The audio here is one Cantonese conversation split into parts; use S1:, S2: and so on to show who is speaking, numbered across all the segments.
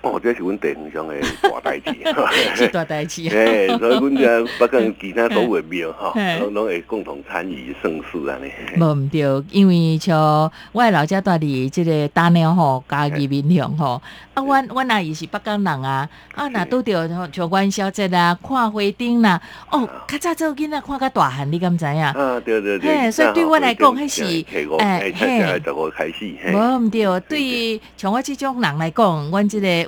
S1: 我、哦、這是阮地上的大代志， 大代事志。 所以阮只不跟其他都會變嚇，都會共同參與盛事啊！你冇唔
S2: 對，因為像我的老家嗰啲，即個打鳥吼家家面祥吼。啊，阮阮那也是北港人啊，啊那都要像元宵節啊，看花燈啦。哦，較早，這囡仔看個大漢，你敢知影？啊，
S1: 對對對，對，對，所以對我來講係是，誒，就係就個
S2: 開始。冇唔對於像我這種人來講，我即個。.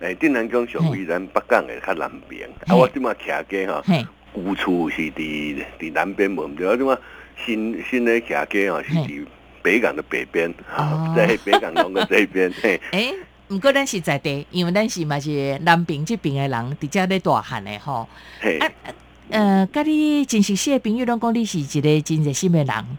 S1: 誒、欸，正常講屬於咱北港的較南邊，啊，我啊，我今嘛徛街哈、啊，
S3: 舊
S1: 厝是佇佇南邊門，對，我今嘛新新咧徛街哦，是佇北港的北邊、哦啊，在北港攏佇這邊。誒，
S2: 唔、欸、過咱是在地，因為咱是嘛是南平這邊嘅人的，佇遮咧大漢嘅吼。哎、啊啊，呃，家你真熟悉嘅朋友，攏講你是一個真熱心嘅人。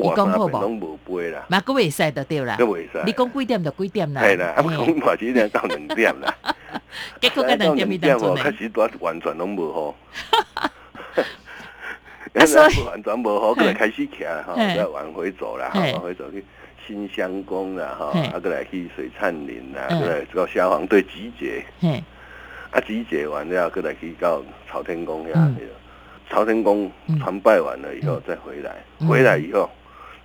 S1: 你講好冇？
S2: 冇，嗰回事都對啦。嗰回事。你講幾點到幾點啦？係啦，
S1: 咁話時咧到兩點啦。
S2: 結果嗰兩點咪點做咩？ 兩
S1: 點我開始完全都冇好。所以、啊、完全冇好，佢哋開始行啦，要往、喔、回走啦，往回走去新香宮啦，哈、喔，啊，佢來去水燦林啦，嚟到消防隊集結。
S3: 嗯。
S1: 阿、啊、集結完之後，佢嚟去到朝天宮㗎、嗯，朝天宮參拜完了以後，嗯、再回來、嗯，回來以後。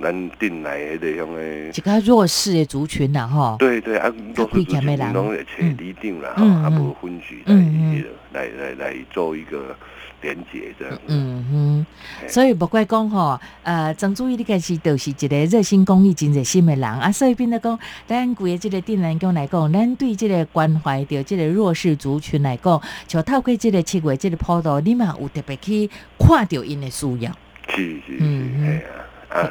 S1: 咱定來迄個一個
S2: 弱勢嘅族群啦，哈。對
S1: 對，對啊，弱勢族群攏啦，嗯喔嗯嗯啊、分來嗯嗯來來，來做一個連結這樣嗯哼，嗯嗯所
S2: 以不怪講吼，呃，曾主義呢開是都是一個熱心公益心、真熱心嘅人啊，所以變得講，咱規個即個鎮安宮來講，咱對即個關懷着即個弱勢族群來講，就透過即個七月即個普渡，你嘛有特別去看着因嘅需要。
S3: 是是是，係、嗯、
S1: 啊，啊。